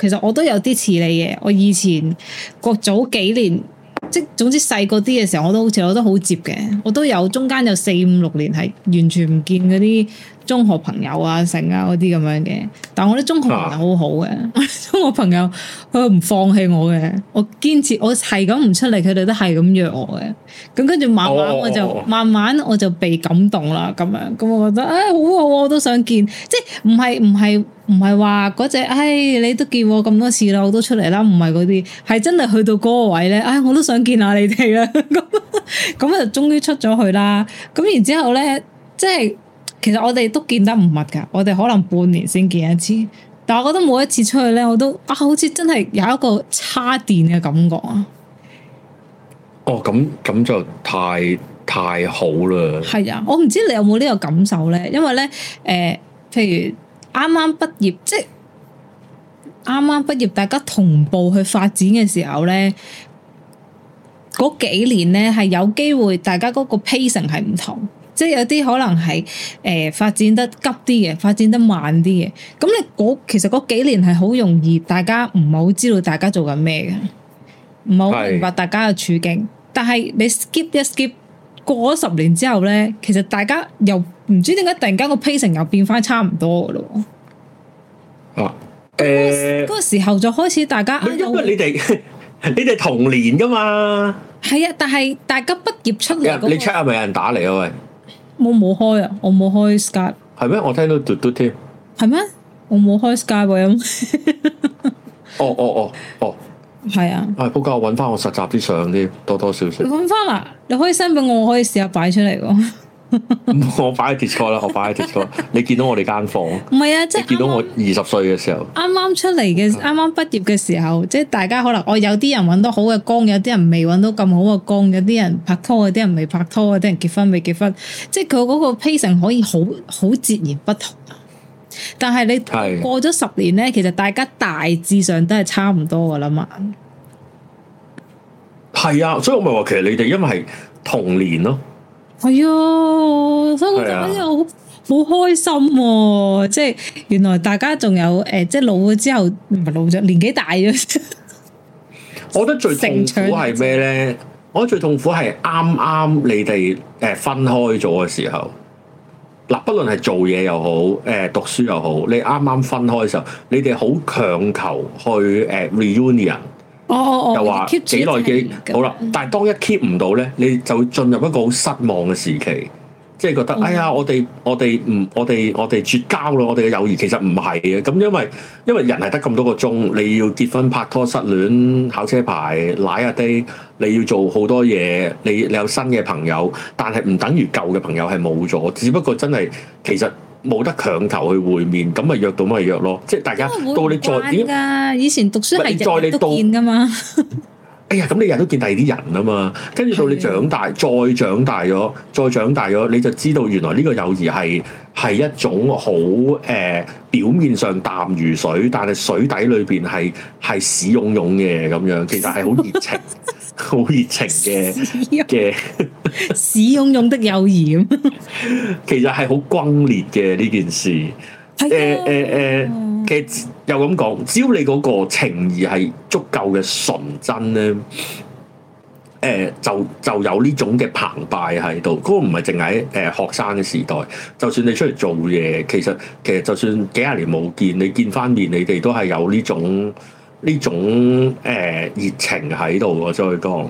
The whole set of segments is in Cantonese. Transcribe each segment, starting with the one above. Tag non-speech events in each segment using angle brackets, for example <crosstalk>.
其實我都有啲似你嘅，我以前國早幾年，即係總之細個啲嘅時候，我都好似我都好接嘅，我都有中間有四五六年係完全唔見嗰啲。中學朋友啊，成啊嗰啲咁樣嘅，但係我啲中學朋友好好嘅，啊、我中學朋友佢唔放棄我嘅，我堅持我係咁唔出嚟，佢哋都係咁約我嘅，咁跟住慢慢我就、哦、慢慢我就被感動啦，咁樣，咁我覺得誒、哎、好好，我都想見，即係唔係唔係唔係話嗰隻，唉、哎，你都見我咁多次啦，我都出嚟啦，唔係嗰啲，係真係去到嗰個位咧，唉、哎，我都想見下你哋啦，咁咁就終於出咗去啦，咁然之後咧即係。其實我哋都見得唔密噶，我哋可能半年先見一次，但我覺得每一次出去咧，我都啊，好似真係有一個差電嘅感覺啊！哦，咁咁就太太好啦！係啊，我唔知你有冇呢個感受咧？因為咧，誒、呃，譬如啱啱畢業，即係啱啱畢業，大家同步去發展嘅時候咧，嗰幾年咧係有機會，大家嗰個 pacing 係唔同。即係有啲可能係誒發展得急啲嘅，發展得慢啲嘅。咁你嗰其實嗰幾年係好容易，大家唔係好知道大家做緊咩嘅，唔好明白大家嘅處境。但係你 skip 一 skip 過咗十年之後咧，其實大家又唔知點解突然間個 pacing 又變翻差唔多嘅咯。啊，誒，嗰個時候就開始大家，因為你哋你哋同年噶嘛？係啊，但係大家畢業出嚟，你 check 下咪有人打嚟咯，喂。我冇開啊，我冇開 Skype。係咩？我聽到嘟嘟添。係咩？我冇開 Skype 喎。咁。哦哦哦哦。係啊。啊、哎，幫我搵翻我實習啲相啲，多多少少。搵翻啦，你可以 send 俾我，我可以試下擺出嚟咯。 <laughs> <laughs> 我擺喺 Discord 啦，我擺喺 Discord。你見到我哋間房唔係啊，即係見到我二十歲嘅時候，啱啱出嚟，嘅啱啱畢業嘅時候，嗯、即係大家可能我有啲人搵到好嘅工，有啲人未搵到咁好嘅工，有啲人拍拖啊，啲人未拍拖啊，啲人結婚未結婚，即係佢嗰個 pacing 可以好好截然不同。但係你過咗十年咧，是其實大家大致上都係差唔多噶啦嘛。係啊，所以我咪話其實你哋因為係同年咯。係啊，所以我就好似好好開心、啊，即係原來大家仲有誒、呃，即係老咗之後唔係老咗，年紀大咗。 <laughs> 我覺得最痛苦係咩咧？ <laughs> 我覺得最痛苦係啱啱你哋誒分開咗嘅時候，嗱，不論係做嘢又好，誒讀書又好，你啱啱分開嘅時候，你哋好強求去誒 reunion。哦，哦，又話 keep 幾耐幾好啦，但係當一 keep 唔到呢，你就會進入一個好失望嘅時期，即係覺得，嗯，哎呀，我哋我哋唔我哋我哋絕交咯，我哋嘅友誼其實唔係嘅，咁因為因為人係得咁多個鐘，你要結婚、拍拖、失戀、考車牌、奶日 d 你要做好多嘢，你你有新嘅朋友，但係唔等於舊嘅朋友係冇咗，只不過真係其實。冇得強求去會面，咁咪約到咪約咯，即係大家到你再，如果以前讀書係日日都見㗎嘛，哎呀，咁你日日都見第二啲人啊嘛，跟 <laughs> 住、哎、到你長大，是的 再長大咗，再長大咗，你就知道原來呢個友誼係係一種好誒、呃，表面上淡如水，但係水底裏邊係係屎湧湧嘅咁樣，其實係好熱情。 <laughs> 好熱情嘅嘅屎湧湧的友誼，其實係好轟烈嘅呢件事。誒誒誒，其實又咁講，只要你嗰個情誼係足夠嘅純真咧，誒、欸、就就有呢種嘅澎湃喺度。嗰、嗰個唔係淨係誒學生嘅時代，就算你出嚟做嘢，其實其實就算幾廿年冇見，你見返面，你哋都係有呢種。呢種誒、呃、熱情喺度喎，所以講。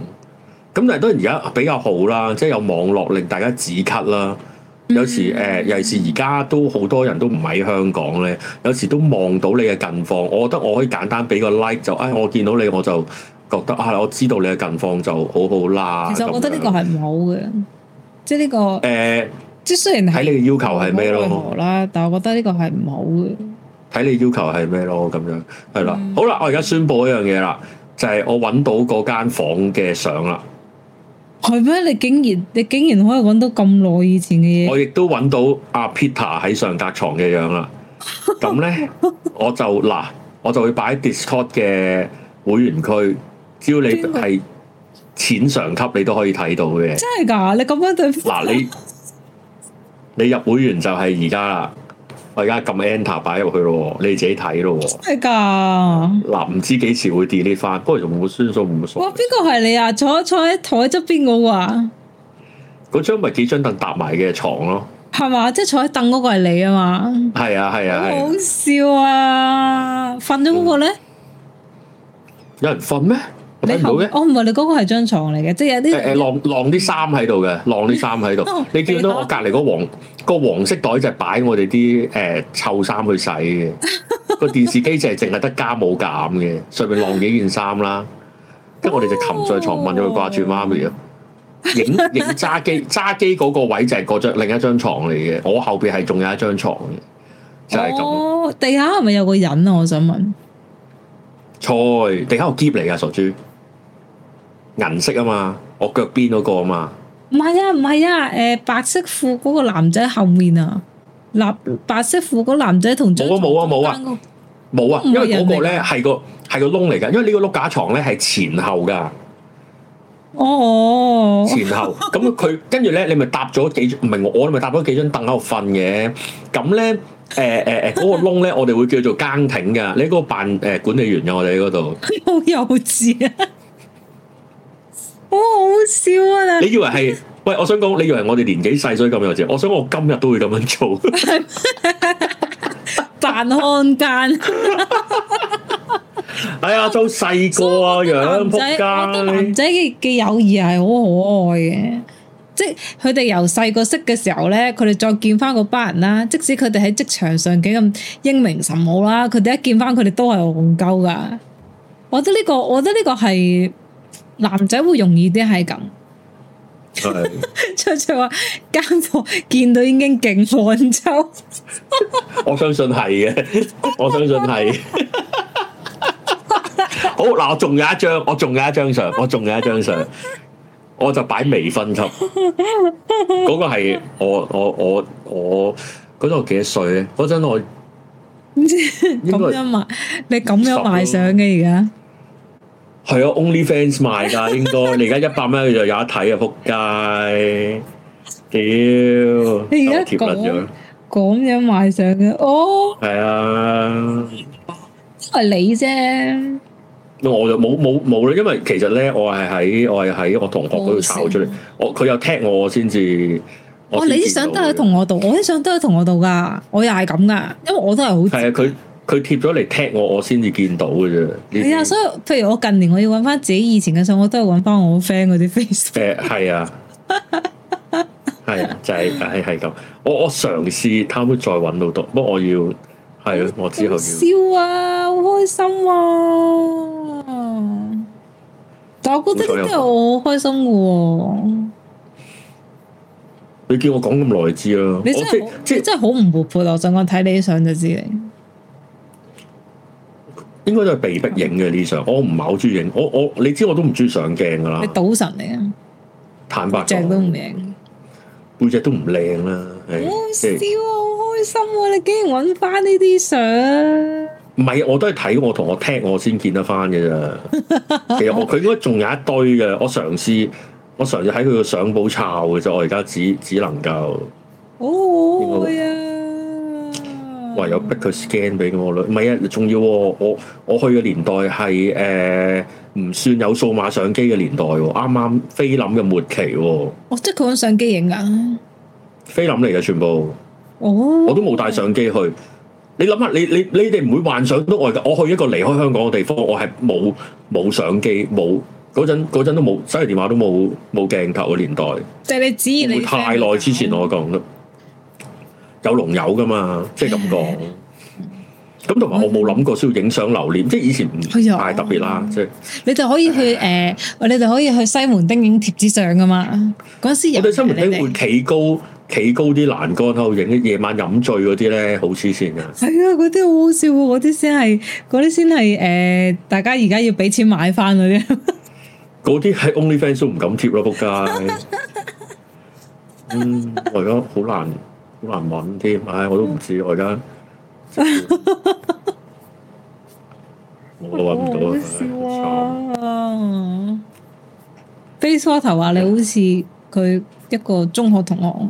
咁但係當然而家比較好啦，即係有網絡令大家止咳啦。有時誒、呃，尤其是而家都好多人都唔喺香港咧，有時都望到你嘅近況。我覺得我可以簡單俾個 like 就啊、哎，我見到你我就覺得啊、哎，我知道你嘅近況就好好啦。其實我覺得呢個係唔好嘅，即係呢、呢個誒，呃、即係雖然喺你嘅要求係咩咯，但係我覺得呢個係唔好嘅。睇你要求係咩咯，咁樣係啦。嗯、好啦，我而家宣布一樣嘢啦，就係、是、我搵到嗰間房嘅相啦。係咩？你竟然你竟然可以搵到咁耐以前嘅嘢？我亦都搵到阿 Peter 喺上格床嘅樣啦。咁咧， <laughs> 我就嗱，我就會擺喺 Discord 嘅會員區。只要你係淺上級，你都可以睇到嘅。真係噶？你咁樣對嗱你你入會員就係而家啦。我而家撳 enter 擺入,入去咯，你自己睇咯。真係噶！嗱、啊，唔知幾時會跌呢翻，不過仲冇升數，冇數。哇！邊個係你啊？坐喺坐喺台側邊嗰個啊？嗰張咪幾張凳搭埋嘅床咯。係嘛？即係坐喺凳嗰個係你啊嘛？係啊係啊！啊啊啊啊啊好笑啊！瞓咗嗰個咧、嗯？有人瞓咩？是不是不你唔到咩？我唔係你嗰個係張床嚟嘅，即、就、係、是、有啲誒晾啲衫喺度嘅，晾啲衫喺度。 <laughs> 你見到我,看 我隔籬嗰黃？個黃色袋就係擺我哋啲誒臭衫去洗嘅，個 <laughs> 電視機就係淨係得加冇減嘅，上面晾幾件衫啦。跟住 <laughs> 我哋就擒上床問咗佢掛住媽咪啊，影影揸機揸機嗰個位就係嗰張另一張床嚟嘅，我後邊係仲有一張床嘅，就係、是、咁、哦。地下係咪有個人啊？我想問，菜地下個喼嚟㗎傻豬，銀色啊嘛，我腳邊嗰個啊嘛。唔係啊，唔係啊，誒、呃，白色褲嗰個男仔後面啊，嗱白色褲嗰男仔同左我冇啊冇啊冇啊家，因為嗰個咧係個係個窿嚟噶，因為呢個碌架床咧係前後噶，哦，哦，哦哦哦、前後咁佢跟住咧，你咪搭咗幾唔係我我咪搭咗幾張凳喺度瞓嘅，咁咧誒誒誒嗰個窿咧，我哋會叫做更亭噶，你嗰個扮誒、呃、管理員噶，我哋喺嗰度，好幼稚啊！好好笑啊！你以為係喂？我想講，你以為我哋年紀細所以咁幼稚啫？我想我今日都會咁樣做，扮漢奸。係啊，做細個啊，樣仆子街。蛋男仔嘅嘅友誼係好可愛嘅， <laughs> 即係佢哋由細個識嘅時候咧，佢哋再見翻嗰班人啦。即使佢哋喺職場上幾咁英明神武啦，佢哋一見翻佢哋都係戇鳩㗎。我覺得呢個，我覺得呢個係。男仔會容易啲係咁，出出話間房見到已經勁汗臭。我相信係嘅，我相信係。 <laughs> 好，嗱，我仲有一張，我仲有一張相，我仲有一張相，我就擺微分級，嗰個係我我我我嗰陣幾多歲咧？嗰陣我唔知，咁樣賣，你咁樣賣相嘅而家。係啊，OnlyFans 賣噶，應該你而家一百蚊佢就有得睇、oh, 啊，仆街！屌，你而家貼乜樣？咁樣賣相嘅，哦，係啊，因為你啫。我就冇冇冇啦，因為其實咧，我係喺我係喺我,我同學嗰度炒出嚟、啊，我佢又踢我先至。哦，你啲相都喺同學度,、哦、度，我啲相都喺同學度噶，我又係咁噶，因為我都係好。係啊，佢。佢貼咗嚟，踢我，我先至見到嘅啫。係啊，所以譬如我近年我要揾翻自己以前嘅相，我都係揾翻我 friend 嗰啲 facebook。呃係啊，係 <laughs> 就係係係咁。我我嘗試，他們會再揾到到。不過我要係我之後要。笑啊，好開心啊！但我覺得呢啲我好開心嘅，啊。你叫我講咁耐，知啦。你真即即係好唔活潑咯。上我睇你相就知你。應該都係被迫影嘅呢相，我唔係好中意影，我我你知我都唔中意上鏡噶啦。你賭神嚟啊？坦白講都唔靚，背脊都唔靚啦。哎、好笑啊！哎、好開心啊！你竟然揾翻呢啲相、啊？唔係，我都係睇我同學 tag 我先見得翻嘅啫。 <laughs> 其實我佢應該仲有一堆嘅，我嘗試我嘗試喺佢個相簿抄嘅啫。我而家只只能夠。哦會呀！唯有逼佢 scan 俾我咯，唔係啊，仲要、啊、我我去嘅年代係誒，唔、呃、算有數碼相機嘅年代喎、啊，啱啱菲林嘅末期喎、啊。哦，即係佢攞相機影噶、啊？菲林嚟嘅全部。哦，我都冇帶相機去。你諗下，你你你哋唔會幻想到我，我去一個離開香港嘅地方，我係冇冇相機，冇嗰陣嗰陣都冇，手提電話都冇冇鏡頭嘅年代。即係你指然你會太耐之前我講咯。嗯有龍友噶嘛，即係咁講。咁同埋我冇諗過需要影相留念， <music> 即係以前唔太特別啦。即係 <music> 你就可以去誒、 <music> 呃，你就可以去西門町影貼紙相噶嘛。嗰時 <music> 我哋西門町會企高企高啲欄杆喺度影，夜晚飲醉嗰啲咧，好黐線噶。係啊，嗰啲好好笑、啊，嗰啲先係嗰啲先係誒，大家而家要俾錢買翻嗰啲。嗰啲係 only fans 都唔敢貼咯，仆街。 <laughs> 嗯，我而家好難。好難揾添，唉，我都唔知我而家，我都搵唔到好笑啊！Facebook 頭話你好似佢一個中學同學，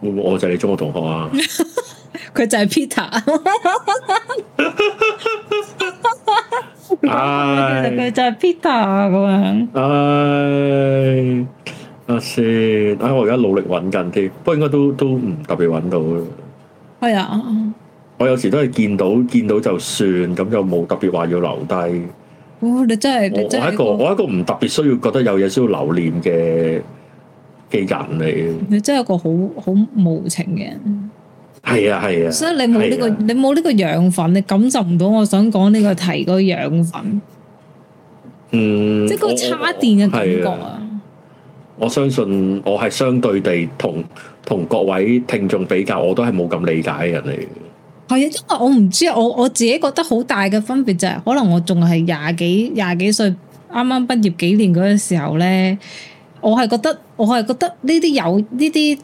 我 <laughs> <laughs> <laughs> 會唔會我就係你中學同學啊！佢 <laughs> 就係 Peter，其實佢就係 Peter 啊。咁樣，唉。啊是，啊我而家努力揾緊啲，不過應該都都唔特別揾到咯。係啊，我有時都係見到見到就算，咁就冇特別話要留低。你真係，我我一個我一個唔特別需要覺得有嘢需要留念嘅嘅人嚟嘅。你真係一個好好無情嘅人。係啊係啊。所以你冇呢個，你冇呢個養分，你感受唔到我想講呢個題個養分。嗯。即係個叉電嘅感覺啊！我相信我係相對地同同各位聽眾比較，我都係冇咁理解人哋嘅。係啊，因為我唔知，我我自己覺得好大嘅分別就係，可能我仲係廿幾廿幾歲，啱啱畢業幾年嗰陣時候咧，我係覺得我係覺得呢啲有呢啲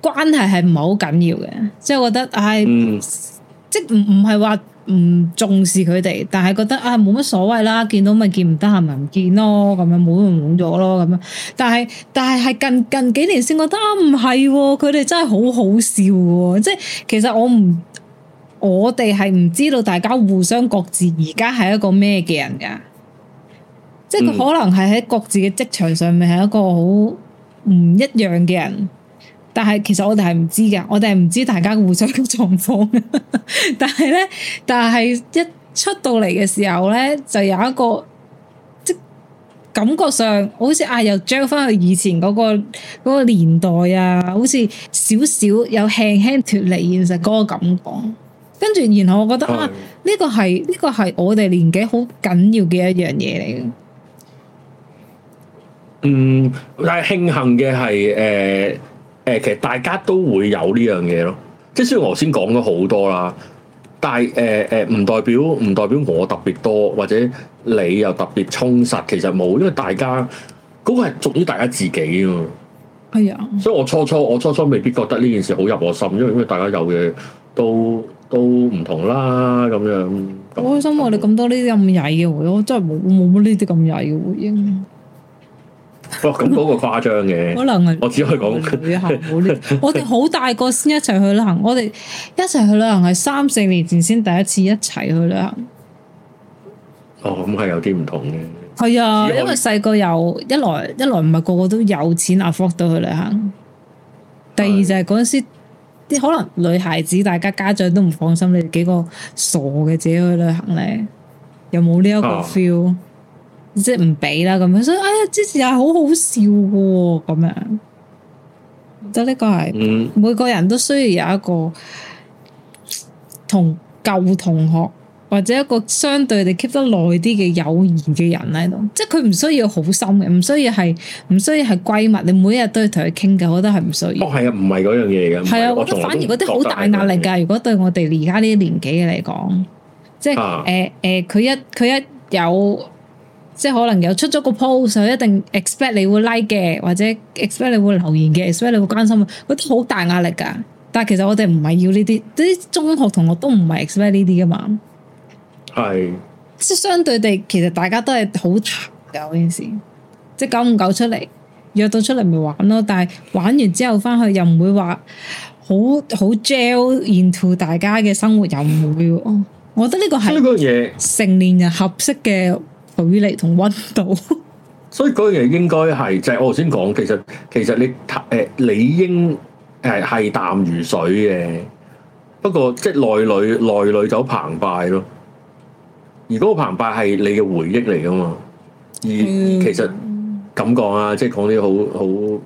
關係係唔係好緊要嘅，即係我覺得唉，即係唔唔係話唔重視佢哋，但係覺得啊冇乜所謂啦，見到咪見，唔得閒咪唔見咯，咁樣冇就冇咗咯，咁樣。但係但係係近近幾年先覺得唔係喎，啊，佢哋真係好好笑喎，哦！即係其實我唔我哋係唔知道大家互相各自而家係一個咩嘅人㗎，嗯，即係佢可能係喺各自嘅職場上面係一個好唔一樣嘅人。但係其實我哋係唔知嘅，我哋係唔知大家嘅互相嘅狀況。但係咧，但係一出到嚟嘅時候咧，就有一個即感覺上好似啊又 jump 翻去以前嗰、嗰個、嗰個年代啊，好似少少有輕輕脫離現實嗰個感覺。跟住然後我覺得、嗯、啊、呢、呢個係呢、呢個係我哋年紀好緊要嘅一樣嘢嚟嘅。嗯，但係慶幸嘅係誒。呃誒，其實大家都會有呢樣嘢咯，即係雖然我頭先講咗好多啦，但係誒誒，唔、呃呃、代表唔代表我特別多，或者你又特別充實，其實冇，因為大家嗰個係屬於大家自己嘛。係啊呀，所以我初初我初初未必覺得呢件事好入我心，因為因為大家有嘅都都唔同啦，咁樣。好開心啊！樣為你咁多呢啲咁曳嘅，回應，我真係冇冇呢啲咁曳嘅回應。哇，咁嗰、哦、個誇張嘅， <laughs> 可能是我只可以講。 <laughs> 我哋好大個先一齊去旅行，我哋一齊去旅行係三四年前先第一次一齊去旅行。哦，咁係有啲唔同嘅。係啊，因為細個又一來一來唔係個，個個都有錢 afford 到去旅行，的第二就係嗰陣時啲可能女孩子大家家長都唔放心你幾個傻嘅自己去旅行咧，有冇呢一個 feel、啊。即係唔俾啦咁樣，所以哎呀，之前又係好好笑嘅咁樣。得、這、呢個係，嗯、每個人都需要有一個同舊同學或者一個相對地 keep 得耐啲嘅友誼嘅人喺度。即係佢唔需要好深嘅，唔需要係唔需要係閨蜜，你每一日都要同佢傾偈。我覺得係唔需要。哦，係啊，唔係嗰樣嘢嘅。係啊，我覺得反而嗰啲好大壓力噶。如果對我哋而家呢啲年紀嘅嚟講，即係誒誒，佢、啊啊、一佢一,一,一有。即係可能有出咗個 post，就一定 expect 你會 like 嘅，或者 expect 你會留言嘅，expect 你會關心啊，都好大壓力噶。但係其實我哋唔係要呢啲，啲中學同學都唔係 expect 呢啲噶嘛。係，即係相對地，其實大家都係好淡嘅件事，即係久唔久出嚟，約到出嚟咪玩咯。但係玩完之後翻去又唔會話好好 gel into 大家嘅生活，又唔會。我覺得呢個係呢個嘢成年人合適嘅。距離同溫度，所以嗰樣嘢應該係，就係我頭先講，其實其實你誒理應誒係淡如水嘅，不過即係內裏內裏就澎湃咯。而嗰個澎湃係你嘅回憶嚟噶嘛？而其實咁講啊，即係講啲好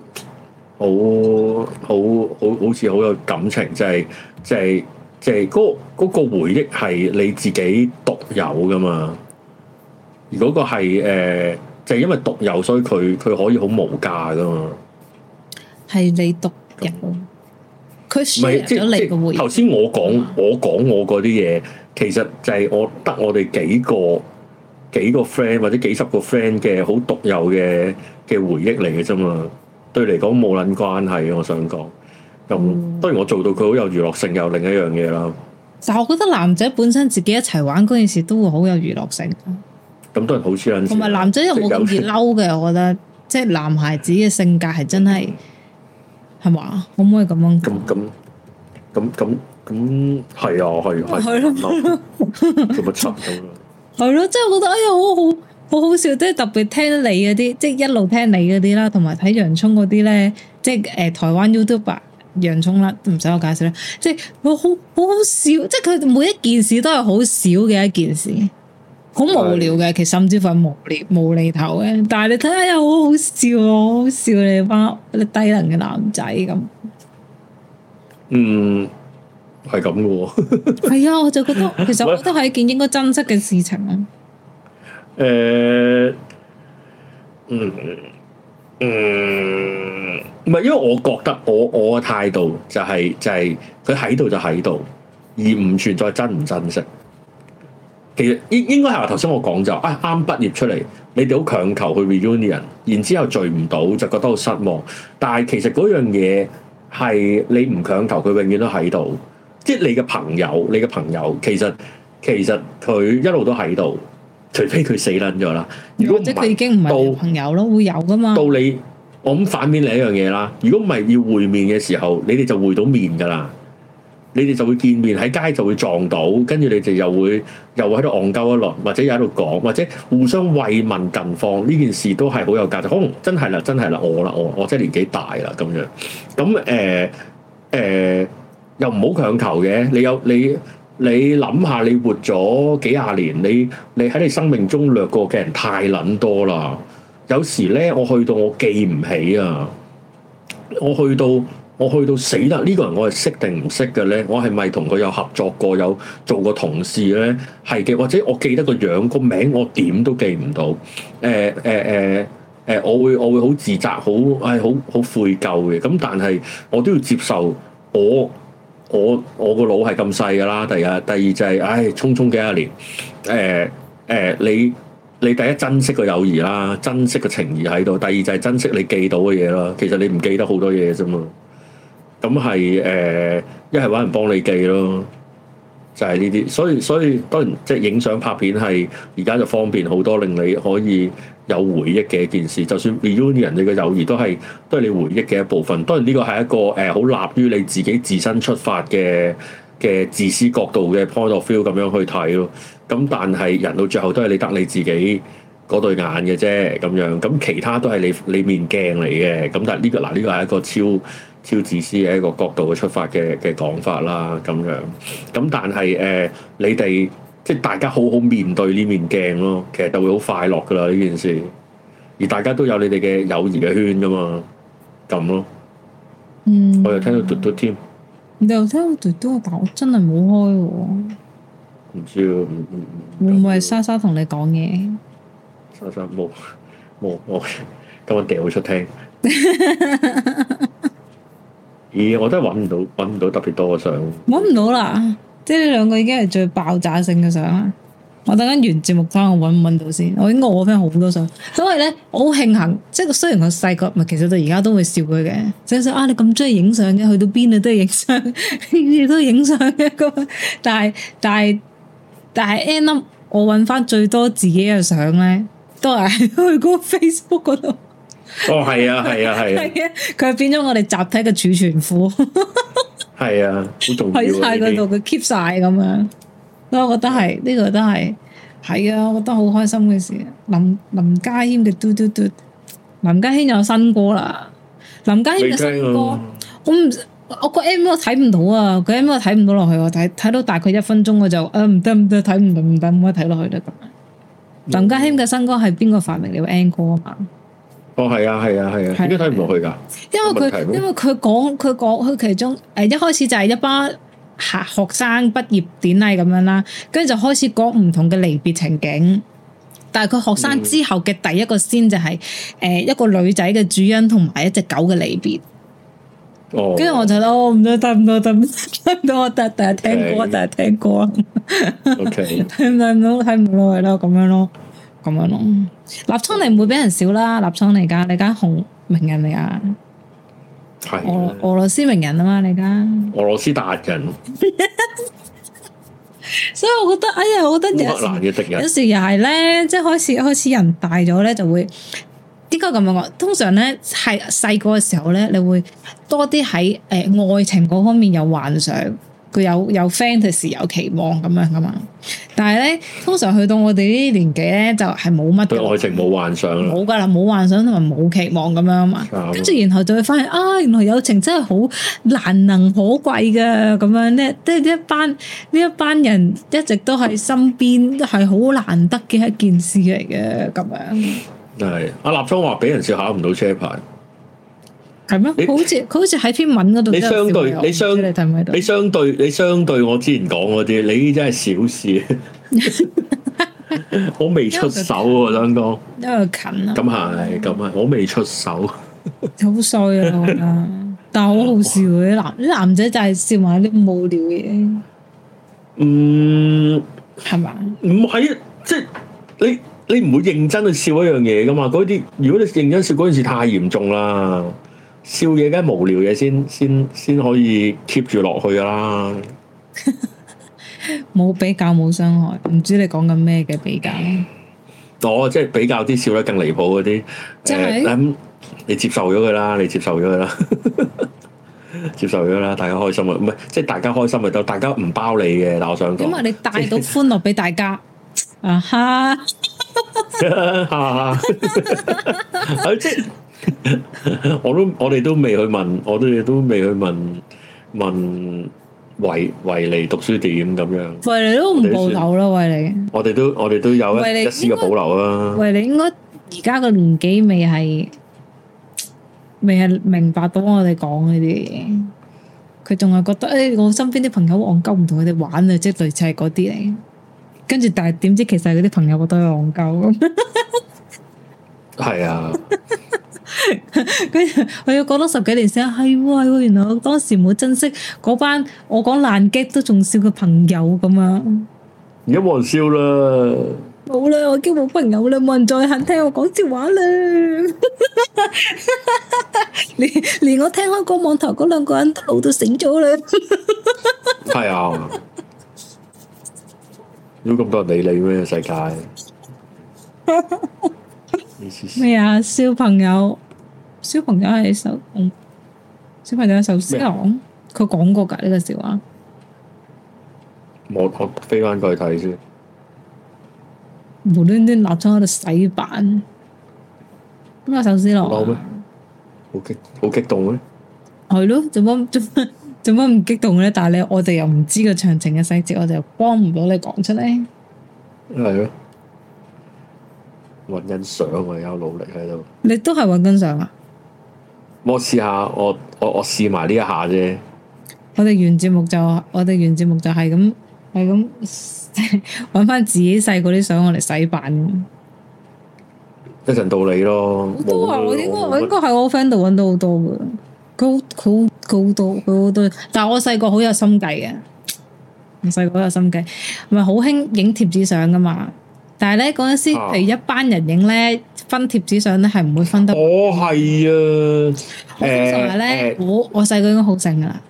好好好好好似好有感情，就係、是、就係、是、就係嗰嗰個回憶係你自己獨有噶嘛。如果個係誒，就是、因為獨有，所以佢佢可以好無價噶嘛？係你獨有，佢輸唔你個回憶。頭先我講，嗯、我講我嗰啲嘢，其實就係我得我哋幾個幾個 friend 或者幾十個 friend 嘅好獨有嘅嘅回憶嚟嘅啫嘛。對嚟講冇捻關係，我想講。咁、嗯、當然我做到佢好有娛樂性，又、就是、另一樣嘢啦。但實我覺得男仔本身自己一齊玩嗰件事都會好有娛樂性。咁都係好處，同埋男仔又冇咁易嬲嘅。我覺得即係男孩子嘅性格係真係，係嘛？可唔可以咁樣？咁咁咁咁咁係啊，係啊，係咯，啊，咁咪插唔到啦。係咯， <laughs> 即係我覺得哎呀，好好好，好好笑，即係特別聽你嗰啲，即係一路聽你嗰啲啦，同埋睇洋蔥嗰啲咧，即係誒、呃、台灣 YouTuber 洋蔥啦，唔使我介紹啦，即係我好好好，好笑，即係佢每一件事都係好小嘅一件事。好無聊嘅，其實甚至乎無聊無厘頭嘅，但係你睇下又好好笑，好好笑，你班低能嘅男仔咁。嗯，係咁嘅喎。係 <laughs> 啊，我就覺得其實我覺得係一件應該珍惜嘅事情啊。誒、 <laughs> 呃，嗯嗯，唔係因為我覺得我我嘅態度就係、是、就係佢喺度就喺度，而唔存在真唔珍惜。其實應應該係話頭先我講就啊啱畢業出嚟，你哋好強求去 reunion，然之後聚唔到就覺得好失望。但係其實嗰樣嘢係你唔強求，佢永遠都喺度。即係你嘅朋友，你嘅朋友其實其實佢一路都喺度，除非佢死撚咗啦。如果或者佢已經唔係朋友咯，到會有㗎嘛？到你我諗反面另一樣嘢啦。如果唔係要會面嘅時候，你哋就會到面㗎啦。你哋就會，見面，喺街就會撞到，跟住你哋又會又喺度戇鳩一輪，或者又喺度講，或者互相慰問近況，呢件事都係好有價值。可能真係啦，真係啦，我啦，我我真係年紀大啦咁樣。咁誒誒又唔好強求嘅。你有你你諗下，你，你，想想你活咗幾廿年，你你喺你生命中掠過嘅人太撚多啦。有時咧我去到我記唔起啊，我去到。我去到死啦！呢、這個人我係識定唔識嘅咧？我係咪同佢有合作過，有做過同事咧？係嘅，或者我記得個樣個名，我點都記唔到。誒誒誒誒，我會我會好自責，好誒好好悔疚嘅。咁、嗯、但係我都要接受我，我我我個腦係咁細噶啦。第一，第二就係、是，唉，匆匆幾十年。誒誒，你你第一珍惜個友誼啦，珍惜，個，誼珍惜個情義喺度。第二就係珍惜你記到嘅嘢咯。其實你唔記得好多嘢啫嘛。咁係誒，一係揾人幫你記咯，就係呢啲。所以所以當然，即係影相拍片係而家就方便好多，令你可以有回憶嘅一件事。就算 reunion 人哋嘅友誼都，都係都係你回憶嘅一部分。當然呢個係一個誒好、呃、立於你自己自身出發嘅嘅自私角度嘅 point of view 咁樣去睇咯。咁但係人到最後都係你得你自己嗰對眼嘅啫，咁樣咁其他都係你你面鏡嚟嘅。咁但係呢個嗱呢個係一個超超自私嘅一個角度嘅出發嘅嘅講法啦，咁樣咁但係誒、呃，你哋即係大家好好面對呢面鏡咯，其實就會好快樂噶啦呢件事，而大家都有你哋嘅友誼嘅圈噶嘛，咁咯。嗯，我又聽到嘟嘟添，你又聽到嘟嘟，但係我真係冇開喎、啊。唔知喎，唔、嗯嗯、會唔係莎莎同你講嘢？莎莎冇冇我今晚幾會出廳？ <laughs> 咦，我都係揾唔到，揾唔到特別多嘅相。揾唔到啦、啊，即係呢兩個已經係最爆炸性嘅相啦。我等緊完節目之後，我揾唔揾到先。我已經餓翻好多相，所以咧，我好慶幸，即係雖然我細個，唔係其實到而家都會笑佢嘅，即係啊，你咁中意影相嘅，去到邊啊都影相， <laughs> 你都影相嘅咁。但係但係但係 end up 我揾翻最多自己嘅相咧，都係去嗰個 Facebook 嗰度。哦，係啊，係啊，係啊，佢、啊、變咗我哋集體嘅儲存庫，係 <laughs> 啊，好重要啊，喺晒嗰度，佢 keep 晒咁樣，所以、啊、我覺得係呢、這個都係係啊，我覺得好開心嘅事。林林家謙嘅嘟，嘟嘟嘟，林家謙有新歌啦，林家謙嘅新歌，啊、我唔，我個 M V 睇唔到啊，佢 M V 睇唔到落去，我睇睇到大概一分鐘我就，誒，唔得唔得，睇唔唔得，唔可以睇落去得咁。嗯、林家謙嘅新歌係邊個發明咗 M 歌啊？嘛。Core? 哦，係啊，係啊，係啊，點解睇唔落去噶？ <noise> 因為佢，因為佢講，佢講，佢其中誒，一開始就係一班學學生畢業典禮咁樣啦，跟住就開始講唔同嘅離別情景。但係佢學生之後嘅第一個先就係、是、誒、嗯、一個女仔嘅主人同埋一隻狗嘅離別。哦。跟住我就哦唔得，得唔多得唔到。我得，但係聽歌，但係聽歌，OK，聽唔到，睇唔落去啦，咁樣咯。咁樣咯，立倉你唔會俾人少啦，立倉嚟噶，你而家紅名人嚟噶，的俄俄羅斯名人啊嘛，你而家俄羅斯達人， <laughs> 所以我覺得哎呀，我覺得有難嘅敵人，有時又係咧，即係開始開始人大咗咧，就會點解咁樣講？通常咧係細個嘅時候咧，你會多啲喺誒愛情嗰方面有幻想。佢有有 fantasy 有期望咁樣噶嘛？但係咧，通常去到我哋呢啲年紀咧，就係冇乜對愛情冇幻想啦，冇噶啦，冇幻想同埋冇期望咁樣嘛。跟住、啊、然後就會發現啊，原來友情真係好難能可貴噶，咁樣咧，即係一班呢一班人一直都係身邊係好難得嘅一件事嚟嘅，咁樣。係阿、啊、立峰話俾人笑考唔到車牌。係咩？佢你好似佢好似喺篇文嗰度。你相對你相你相對你相對，你相對我之前講嗰啲，你真係小事。 <laughs> <laughs> <laughs> 我未出手喎，剛剛 <laughs> 因為近啊。咁係咁啊，我未出手，好衰啊！但係好好笑啲男啲男仔就係笑埋啲無聊嘢。 <laughs> 嗯，係嘛吧？唔係啊，即係你你唔會認真去笑一樣嘢㗎嘛？嗰啲如果你認真笑嗰件事太嚴重啦。笑嘢，梗係無聊嘢先，先先可以 keep 住落去噶啦。冇 <laughs> 比較冇傷害，唔知你講緊咩嘅比較？我即係比較啲笑得更離譜嗰啲，誒咁你接受咗佢啦，你接受咗佢啦，接受咗啦， <laughs> 大家開心啊！唔係即係大家開心咪得，大家唔包你嘅。但我想講，咁啊，你帶到歡樂俾即是 大家啊哈！哈哈，即係。 <laughs> 我都我哋都未去問，我哋都未去問問維維尼讀書點咁樣？維尼都唔保留咯，維尼。我哋都我哋都有一一絲保留啦。維尼應該而家個年紀未係未係明白到我哋講呢啲嘢，佢仲係覺得誒、哎，我身邊啲朋友好戇鳩唔同佢哋玩啊，即係類似係嗰啲嚟。跟住但係點知其實嗰啲朋友覺得佢戇鳩咁。係 <laughs> 啊。跟住我要講多十幾年先係喎，係喎，原來當時冇珍惜嗰班我講爛 gag 都仲笑嘅朋友咁啊！而家冇人笑啦，冇啦，我交冇朋友啦，冇人再肯聽我講笑話啦。連連我聽開網台嗰兩個人都老到醒咗啦。係啊，有咁多人理你咩世界？咩啊？小朋友，小朋友係手，小朋友係壽司郎，佢講過噶呢個笑話。我我飛翻過去睇先。無端端立咗喺度洗版，咁啊壽司郎？好激好激動咩？係咯，做乜做乜做乜唔激動咧？但係咧，我哋又唔知個詳情嘅細節，我就幫唔到你講出嚟。係咯？搵緊相，我有努力喺度。你都係搵緊相啊？我試下，我我我試埋呢一下啫。我哋完節目就我哋完節目就係咁係咁搵翻自己細個啲相，我嚟洗版。一陣到你咯。好多啊！我應該我應該喺我 friend 度搵到好多嘅。佢好佢好好多佢好多，但係我細個好有心計嘅。我細個好有心計，咪好興影貼紙相噶嘛。但係咧，嗰陣時譬如一班人影咧，啊、分貼紙相咧係唔會分得。我係啊，誒，通常咧我我細個應該好醒噶啦。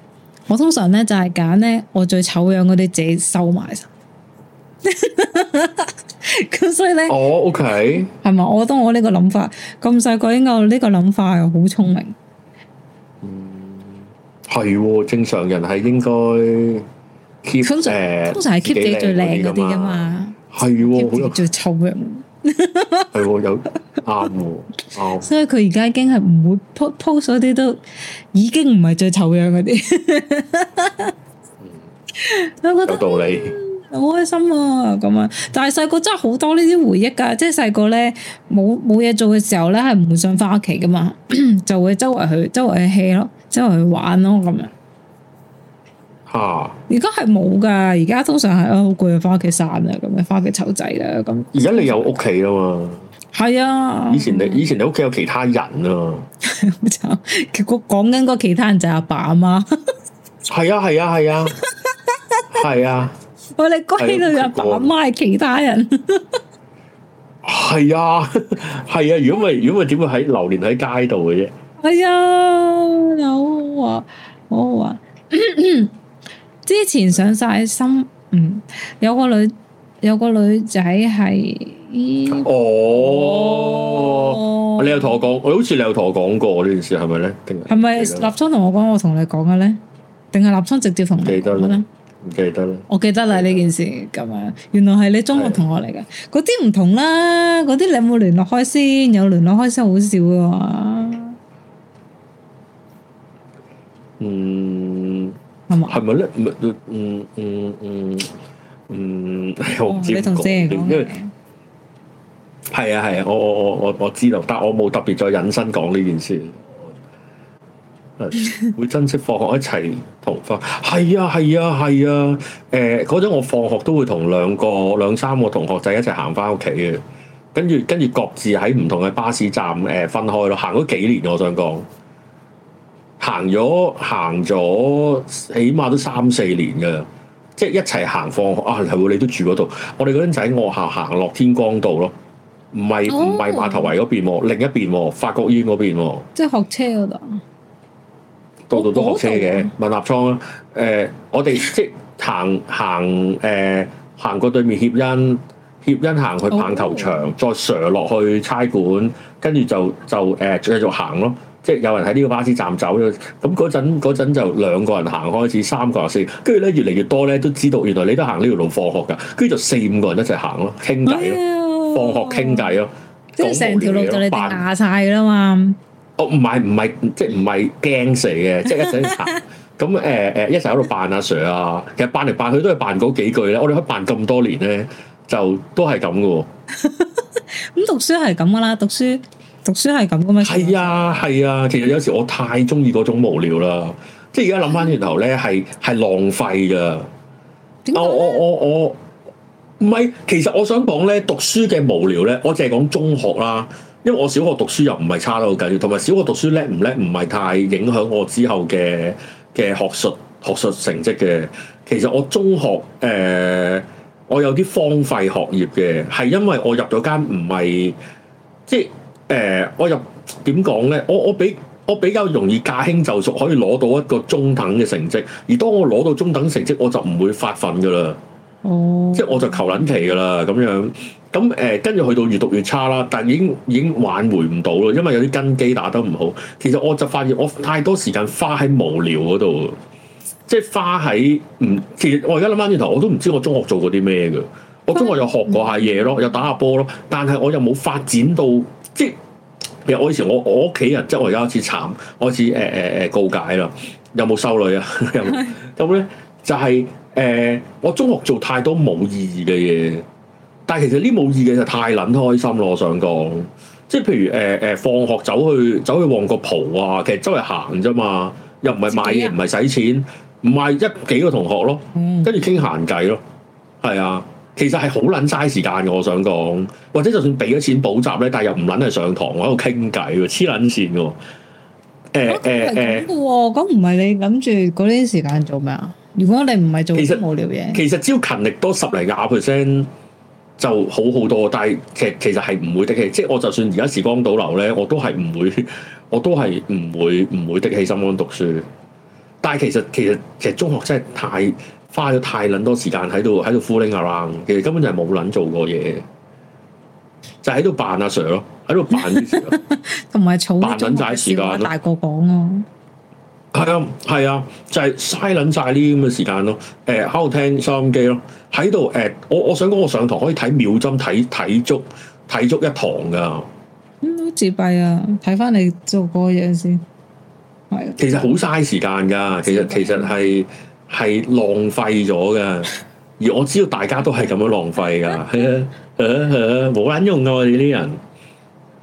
我通常咧就係揀咧，我最醜樣嗰啲自己收埋晒。咁 <laughs> <laughs> 所以咧，哦，OK，係嘛？我覺得我呢個諗法咁細個應該呢個諗法係好聰明。嗯，係正常人係應該 keep 誒、呃，通常係 keep 自己最靚嗰啲噶嘛。係喎，好最臭樣，係喎有啱喎，所以佢而家已經係唔會 post 嗰啲都已經唔係最醜樣嗰啲。 <laughs> 有道理，好、嗯、開心啊！咁啊，但係細個真係好多呢啲回憶噶，即係細個咧冇冇嘢做嘅時候咧，係唔會想翻屋企噶嘛，就會周圍去周圍去戲咯，周圍去玩咯咁啊。哦、啊，而家係冇噶，而家通常係啊，好攰啊，翻屋企散啦，咁樣翻屋企湊仔啦，咁。而家你有屋企啦嘛？係啊！以前你以前你屋企有其他人咯、啊。慘！結果講緊嗰其他人就係阿爸阿媽。係啊係啊係啊！係啊！我哋歸到阿爸阿媽係其他人。係 <laughs> 啊係啊！如果咪，如果唔係點會喺流連喺街度嘅啫？係啊、哎！好啊好啊！咳咳之前上晒心，嗯，有個女有個女仔係，欸、哦，哦你有同我講，我、哎、好似你有同我講過呢件事，係咪咧？定係係咪立松同我講，我同你講嘅咧？定係立松直接同你講咧？唔記得啦，我記得啦呢件事咁樣，原來係你中學同學嚟嘅，嗰啲唔同啦，嗰啲你有冇聯絡開先？有聯絡開先好少嘅嘛，嗯。係咪咧？唔唔唔唔唔，唔知，講。因為係、嗯、啊係啊，啊，我我我我我知道，但我冇特別再引申講呢件事。 <laughs> 會珍惜放學一齊同返。係啊係啊係啊！誒嗰陣我放學都會同兩個兩三個同學仔一齊行翻屋企嘅，跟住跟住各自喺唔同嘅巴士站誒、呃、分開咯。行咗幾年，我想講。行咗行咗，起碼都三四年嘅，即係一齊行放學啊！係喎，你都住嗰度。我哋嗰陣就喺學校行落天光道咯，唔係唔係碼頭圍嗰邊喎，另一邊喎，法國醫院嗰邊喎。即係學車嗰度，度度都學車嘅文立倉誒、呃，我哋即係行行誒、呃，行過對面協恩，協恩行去棒球場，Okay. 再瀡落去差館，跟住就就誒、呃、繼續行咯。即係有人喺呢個巴士站走咗，咁嗰陣嗰陣就兩個人行開始，三個人先，跟住咧越嚟越多咧，都知道原來你都行呢條路放學㗎，跟住就四五個人一齊行咯，傾偈咯，哎、呀放學傾偈咯，即成條路就你霸晒㗎啦嘛。哦，唔係唔係，即係唔係驚死嘅，即係一齊行。咁誒誒，一齊喺度扮阿 Sir 啊，其實扮嚟扮去都係扮嗰幾句咧。我哋可以扮咁多年咧，就都係咁嘅喎。咁 <laughs> 讀書係咁㗎啦，讀書。讀書係咁嘅咩？係啊，係啊，其實有時我太中意嗰種無聊啦，即係而家諗翻轉頭咧，係係的浪費噶、點解、哦。我我我我唔係，其實我想講咧，讀書嘅無聊咧，我淨係講中學啦，因為我小學讀書又唔係差得好緊要，同埋小學讀書叻唔叻唔係太影響我之後嘅嘅學術學術成績嘅。其實我中學誒、呃，我有啲荒廢學業嘅，係因為我入咗間唔係即係。誒、呃，我又點講咧？我我比我比較容易駕輕就熟，可以攞到一個中等嘅成績。而當我攞到中等成績，我就唔會發奮噶啦。哦，即係我就求撚其噶啦咁樣。咁誒，跟、呃、住去到越讀越差啦。但係已經已經挽回唔到啦，因為有啲根基打得唔好。其實我就發現我太多時間花喺無聊嗰度，即係花喺唔、嗯……其實我而家諗翻轉頭，我都唔知我中學做過啲咩嘅。我中學又學過下嘢咯，又打下波咯，但係我又冇發展到。即係，其實我以前我我屋企人，即係我而家開始慘，開始誒誒誒告解啦，有冇修女啊？咁 <laughs> 咧有 <laughs> 就係、是、誒、呃、我中學做太多冇意義嘅嘢，但係其實呢冇意義嘅就太撚開心咯。我想講，即係譬如誒誒、呃呃、放學走去走去旺角蒲啊，其實周圍行啫嘛，又唔係買嘢，唔係使錢，唔係一幾個同學咯，嗯、跟住傾閒偈咯，係啊。其實係好撚嘥時間嘅，我想講，或者就算俾咗錢補習咧，但係又唔撚係上堂，我喺度傾偈喎，黐撚線嘅。誒誒誒，咁唔係你諗住嗰啲時間做咩啊？如果你唔係做啲無聊嘢，啊啊、其實，其實只要勤力多十零廿 percent 就好好多。嗯、但係其實其實係唔會的 hea 即係我就算而家時光倒流咧，我都係唔會，我都係唔會唔會的起心肝，讀書。但係其實其實其實中學真係太～花咗太捻多時間喺度喺度 fooling around，其實根本就係冇捻做過嘢，就喺度扮阿 Sir 咯，喺度扮同埋草時，扮捻晒時間咯。係啊係啊，啊，就係嘥捻晒啲咁嘅時間咯。誒、啊，喺度聽收音機咯，喺度誒，我我想講我上堂可以睇秒針睇睇足睇足一堂噶。咁好自閉啊！睇翻你做過嘢先，係。其實好嘥時間噶弊，其實其實係。係浪費咗嘅，而我知道大家都係咁樣浪費噶，係啊， <laughs> <laughs> <laughs> 冇撚用噶我哋啲人。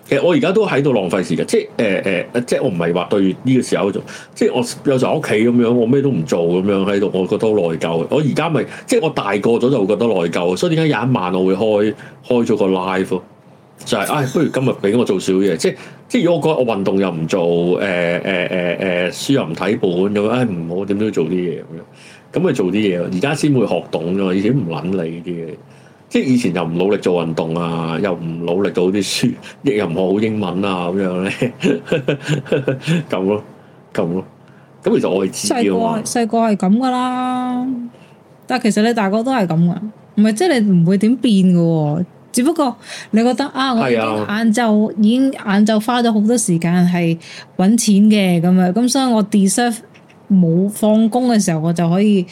其實我而家都喺度浪費時間，即係誒誒，即係我唔係話對呢個時候做，即係我有時候喺屋企咁樣，我咩都唔做咁樣喺度，我覺得好內疚。我而家咪即係我大個咗就會覺得內疚，所以點解有一晚我會開開咗個 live？就係、是，唉，不如今日俾我做少嘢，即即如果我覺得我運動又唔做，誒誒誒誒，書又唔睇本咁樣，哎唔好點都要做啲嘢咁樣，咁咪做啲嘢，而家先會學懂嘅，以前唔撚你啲嘢。即係以前又唔努力做運動啊，又唔努力讀啲書，亦又唔學好英文啊咁樣咧，咁咯，咁咯。咁其實我係細個細個係咁噶啦，但係其實你大個都係咁嘅，唔係即係你唔會點變嘅喎。只不過你覺得啊，我已經晏晝的已經晏晝花咗好多時間係揾錢嘅咁啊，咁所以我 deserve 冇放工嘅時候，我就可以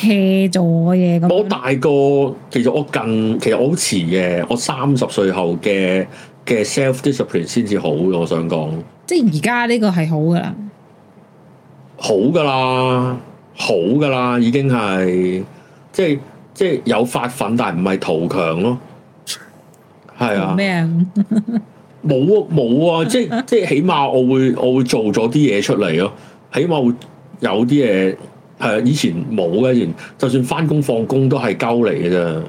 hea 做我嘢咁。我大個其實我更其實我好遲嘅，我三十歲後嘅嘅 self discipline 先至好。我想講，即係而家呢個係好㗎喇，好㗎喇，好㗎喇，已經係即係即係有發奮，但係唔係圖強咯。係啊，咩啊麼？冇 <laughs> 啊，冇啊！即係即係，起碼我會我會做咗啲嘢出嚟咯，起碼會有啲嘢係啊！以前冇嘅，連就算翻工放工都係鳩嚟嘅啫。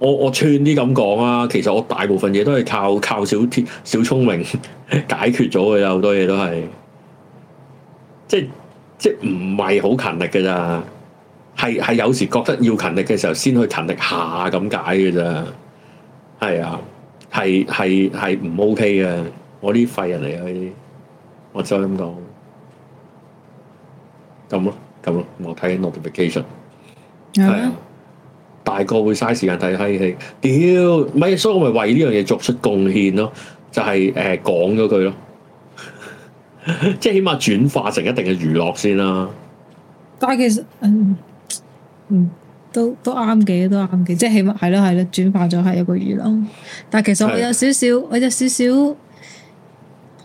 我我串啲咁講啊，其實我大部分嘢都係靠靠小小聰明 <laughs> 解決咗嘅，有好多嘢都係即係即係唔係好勤力嘅咋？係係有時覺得要勤力嘅時候，先去勤力下咁解嘅咋。係啊，係係係唔 OK 嘅，我啲廢人嚟啊！我就咁講，咁咯咁咯，我睇 notification。係啊，大個會嘥時間睇閪戲，屌咪，所以我咪為呢樣嘢作出貢獻咯，就係、是、誒、呃、講咗佢咯， <laughs> 即係起碼轉化成一定嘅娛樂先啦、啊。但係其實，嗯嗯。都都啱嘅，都啱嘅，即係起碼係啦，係啦，轉化咗係一個娛樂。但係其實我有少的我有少，我有少少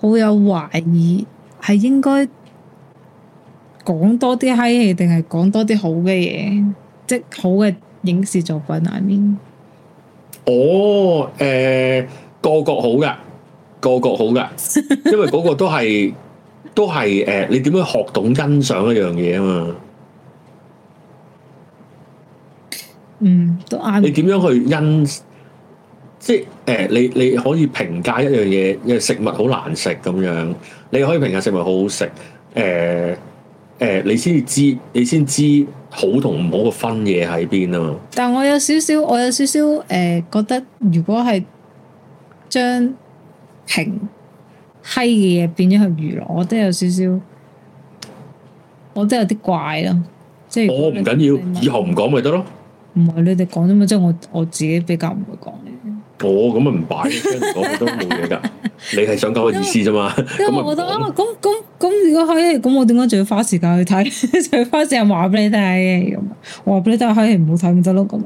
好有懷疑，係應該講多啲嗨戲，定係講多啲好嘅嘢，即係好嘅影視作品裏面。I mean? 哦，誒、呃，個個好噶，個個好噶，因為嗰個都係 <laughs> 都係誒、呃，你點樣學懂欣賞一樣嘢啊嘛？嗯，都啱。你點樣去因，即係誒、呃，你你可以評價一樣嘢，因為食物好難食咁樣，你可以評價食物好好食，誒、呃、誒、呃，你先知，你先知好同唔好嘅分野喺邊啊嘛。但係我有少少，我有少少誒，覺得如果係將評閪嘅嘢變咗去娛樂，我都有少少，我都有啲怪咯，即、哦、係。我唔緊要，以後唔講咪得咯。唔係你哋講啫嘛，即、就、係、是、我我自己比較唔會講嘅。哦，咁啊唔擺，講都冇嘢噶。你係想講個意思啫嘛。因為我都啱那啊，咁咁咁如果開戲，咁那在我點解仲要花時間去睇，仲 <laughs> 要花時間話俾你聽嘅？咁我話俾你聽，開戲唔好睇咪得咯。咁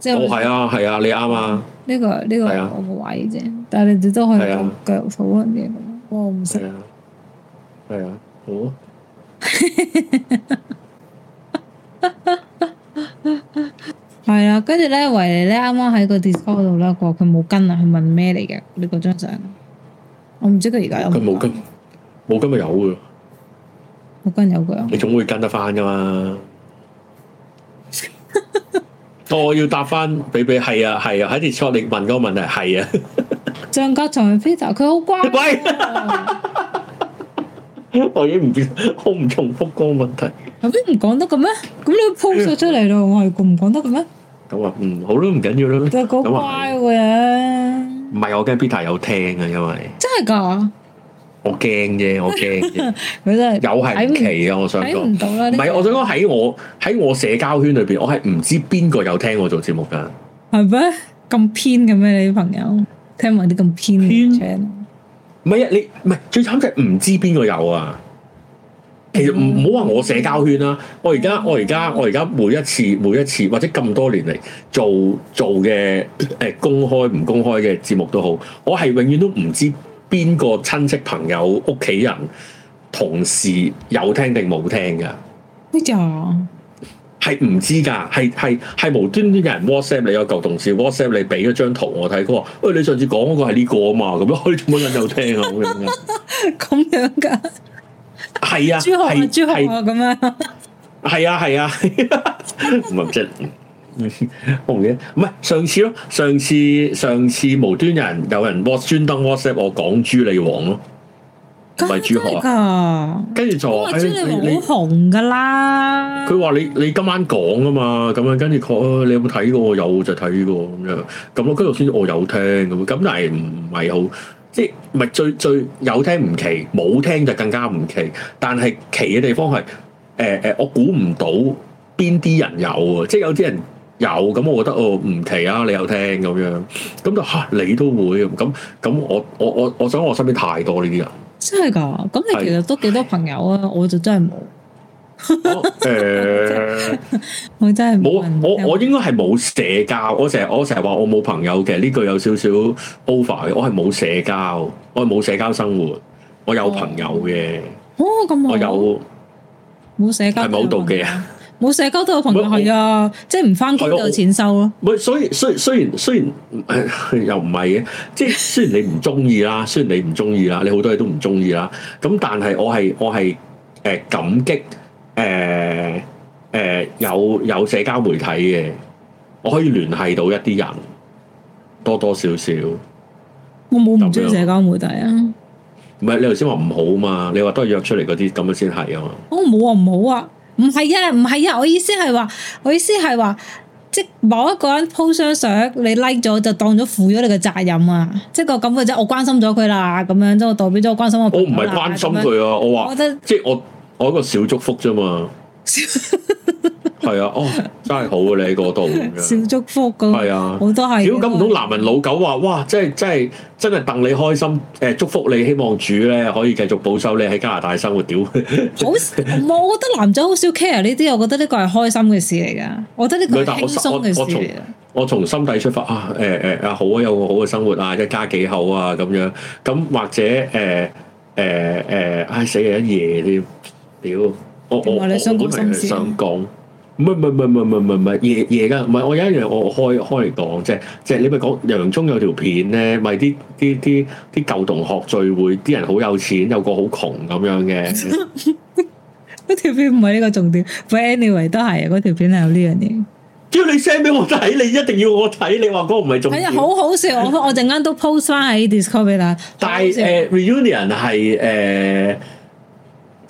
即係我係啊，係啊，你啱啊。呢個呢個係我個位啫，但係你哋都可以繼續討論啲嘢。我唔識。係啊，好。係啦，跟住咧，維尼咧，啱啱喺個 Discord 度咧，佢冇跟啊，佢問咩嚟嘅呢個張相？我唔知佢而家有冇，佢冇跟，冇跟咪有嘅，冇跟有嘅。你總會跟得翻噶嘛？我我要答翻比比，係啊係啊，喺 Discord 你問嗰個問題係啊。象甲蟲飛走，佢好乖。我已經唔，我唔重複嗰個問題。有咩唔講得嘅咩？咁你 post 咗出嚟咯，我係唔講得嘅咩？咁啊，嗯，好咯，唔緊要真咯。咁啊，唔係我驚 Peter 有聽啊，因為真係噶，我驚啫，我驚 <laughs> 真的。佢真係有係奇啊！我想唔到，唔係不我想講喺我喺我社交圈裏邊，我係唔知邊個有聽我做節目噶。係咩咁偏嘅咩？你啲朋友聽埋啲咁偏嘅 channel？唔係啊，你唔係最慘就係唔知邊個有啊。其實唔唔好話我社交圈啦，我而家我而家我而家每一次每一次或者咁多年嚟做做嘅誒、呃、公開唔、呃、公開嘅節目都好，我係永遠都唔知邊個親戚朋友屋企人同事有聽定冇聽嘅。呢啊種？係唔知噶？係係係無端端有人 WhatsApp 你有舊同事 WhatsApp 你俾咗張圖我睇，佢話喂你上次講嗰個係呢個啊嘛，咁樣可以點解有聽啊？咁 <laughs> 樣噶？係啊，朱浩啊，朱浩啊，咁 <laughs> 樣。係啊，係啊，咁即係，我唔記得，唔係上次咯，上次上次，上次無端人有人，人 WhatsApp 專登 WhatsApp，我講朱利王咯，唔係朱浩啊。跟住就，朱好紅噶啦。佢話、哎哎、你你，你今晚講啊嘛，咁樣跟住佢，你有冇睇過？有就睇過咁樣，咁我跟住先我有聽咁，咁但係唔係好。即係係唔最最有聽唔奇，冇聽就更加唔奇。但係奇嘅地方係誒誒，我估唔到邊啲人有啊！即係有啲人有咁，我覺得哦唔奇啊，你有聽咁樣，咁就嚇你都會咁咁。我我我我想我身邊太多呢啲人，真係㗎。咁你其實都幾多朋友啊？是我就真係冇。 <laughs> 我誒， <laughs> <laughs> 我真係冇，我我應該係冇社交。我成日我成日話我冇朋友嘅，呢句有少少 over 嘅。我係冇社交，我係冇社交生活。我有朋友嘅、哦，哦咁，啊、我有冇社交是是？係冇妒忌啊！冇社交都有朋友係啊， <laughs> <laughs> <laughs> 即係唔翻工都有錢收咯。所以雖雖然雖然、嗯嗯、又唔係嘅，即係雖然你唔中意啦，雖然你唔中意啦，你好多嘢都唔中意啦。咁但係我係我係誒感激。誒誒、呃呃，有有社交媒體嘅，我可以聯繫到一啲人，多多少少。我冇唔中意社交媒體啊。唔係你頭先話唔好嘛？你話都係約出嚟嗰啲咁樣先係啊嘛。我冇啊，唔好啊，唔係啊，唔係啊，我意思係話，我意思係話，即係某一個人鋪張相，你 like 咗就當咗負咗你嘅責任啊，即係個咁嘅啫，我關心咗佢啦，咁樣即我代表咗我關心我。我唔係關心佢樣啊，我話得即係我。我一個小祝福啫嘛，係啊，哦， <laughs> 真係好啊！你喺嗰度，小祝福噶，係啊，我都係。果咁唔通男人老狗話哇，即係即係真係戥你開心，誒、嗯，祝福你，希望主咧可以繼續保守你喺加拿大生活。屌，好，我覺得男仔好少 care 呢啲，我覺得呢個係開心嘅事嚟噶，我覺得呢個係輕鬆嘅事。我從心底出發啊，誒誒啊，dev, 好啊，有個好嘅生活 washing, comunque, game, p, ironic, можете, 啊，一家幾好啊，咁樣咁或者誒誒誒，唉，死人夜添。哎 Fare, in 屌，我我唔係你想講心思，想講，唔係唔係唔係唔係唔係，夜夜噶，唔係我有一樣我開開嚟講，即係即係你咪講洋蔥有條片咧，咪啲啲啲啲舊同學聚會，啲人好有錢，有個好窮咁樣嘅。嗰條片唔係呢個重點，anyway 都係嗰條片係有呢樣嘢。屌，你 send 俾我睇，你一定要我睇，你話嗰個唔係重點，好好笑。我我陣間都 post 翻喺 Discord 俾你。但係誒 reunion 係誒。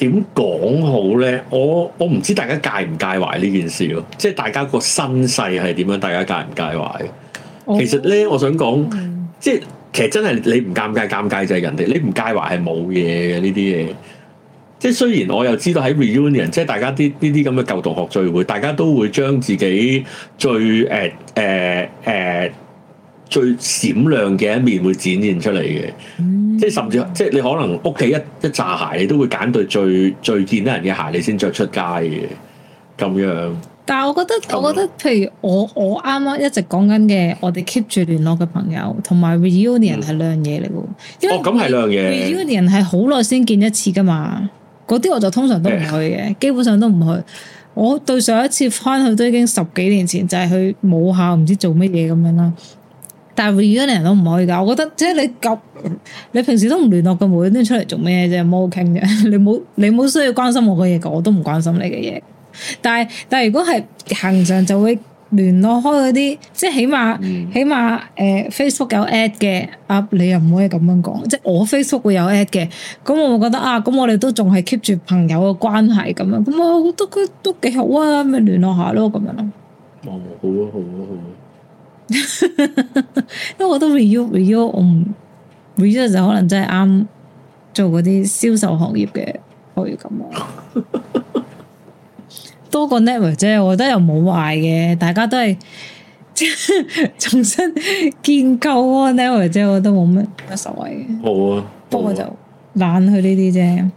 點講好咧？我我唔知大家介唔介懷呢件事咯，即係大家個身世係點樣，大家介唔介懷嘅？其實咧，我想講，嗯、即係其實真係你唔尷尬，尷尬就係人哋你唔介懷係冇嘢嘅呢啲嘢。即係雖然我又知道喺 reunion，即係大家啲呢啲咁嘅舊同學聚會，大家都會將自己最誒誒誒。呃呃呃最閃亮嘅一面會展現出嚟嘅、嗯，即係甚至即係你可能屋企一一紮鞋，你都會揀對最最見得人嘅鞋，你先着出街嘅咁樣。但係我覺得，樣我覺得譬如我我啱啱一直講緊嘅，我哋 keep 住聯絡嘅朋友同埋 reunion 係兩樣嘢嚟嘅。哦，咁係兩樣嘢。reunion 係好耐先見一次㗎嘛？嗰啲、哦、我就通常都唔去嘅，的基本上都唔去。我對上一次翻去都已經十幾年前，就係、是、去母校唔知做乜嘢咁樣啦。但係如果你人都唔可以㗎，我覺得即係你夾，你平時都唔聯絡嘅，無端端出嚟做咩啫？冇傾嘅，你冇你冇需要關心我嘅嘢，我都唔關心你嘅嘢。但係但係如果係平常就會聯絡開嗰啲，即係起碼、嗯、起碼誒、呃、Facebook 有 at 嘅啊，你又唔可以咁樣講，即係我 Facebook 會有 at 嘅，咁我會覺得啊，咁我哋都仲係 keep 住朋友嘅關係咁樣，咁我覺得都都，都幾好啊，咪樣聯絡下咯，咁樣咯。哦，好啊，好啊，好啊。好啊。 <laughs> 因為我都 review review 我唔 review，就可能真係啱做嗰啲銷售行業嘅可以咁咯，多個 network 啫，我覺得又冇壞嘅，大家都係即 <laughs> 重新建構個 network 啫，我覺得冇乜乜所謂嘅。好啊，不過就懶去呢啲啫。